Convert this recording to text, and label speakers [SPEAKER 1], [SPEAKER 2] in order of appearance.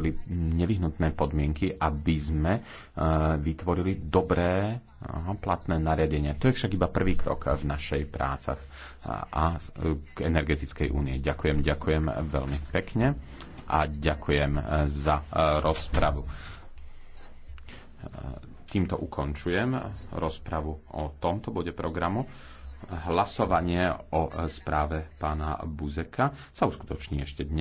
[SPEAKER 1] vytvorili nevyhnutné podmienky, aby sme e, vytvorili dobré platné nariadenia. To je však iba prvý krok v našej prácach a k energetickej únie. Ďakujem, ďakujem veľmi pekne a ďakujem e, za e, rozpravu. Týmto ukončujem rozpravu o tomto bode programu hlasovanie o správe pána Buzeka sa uskutoční ešte dnes.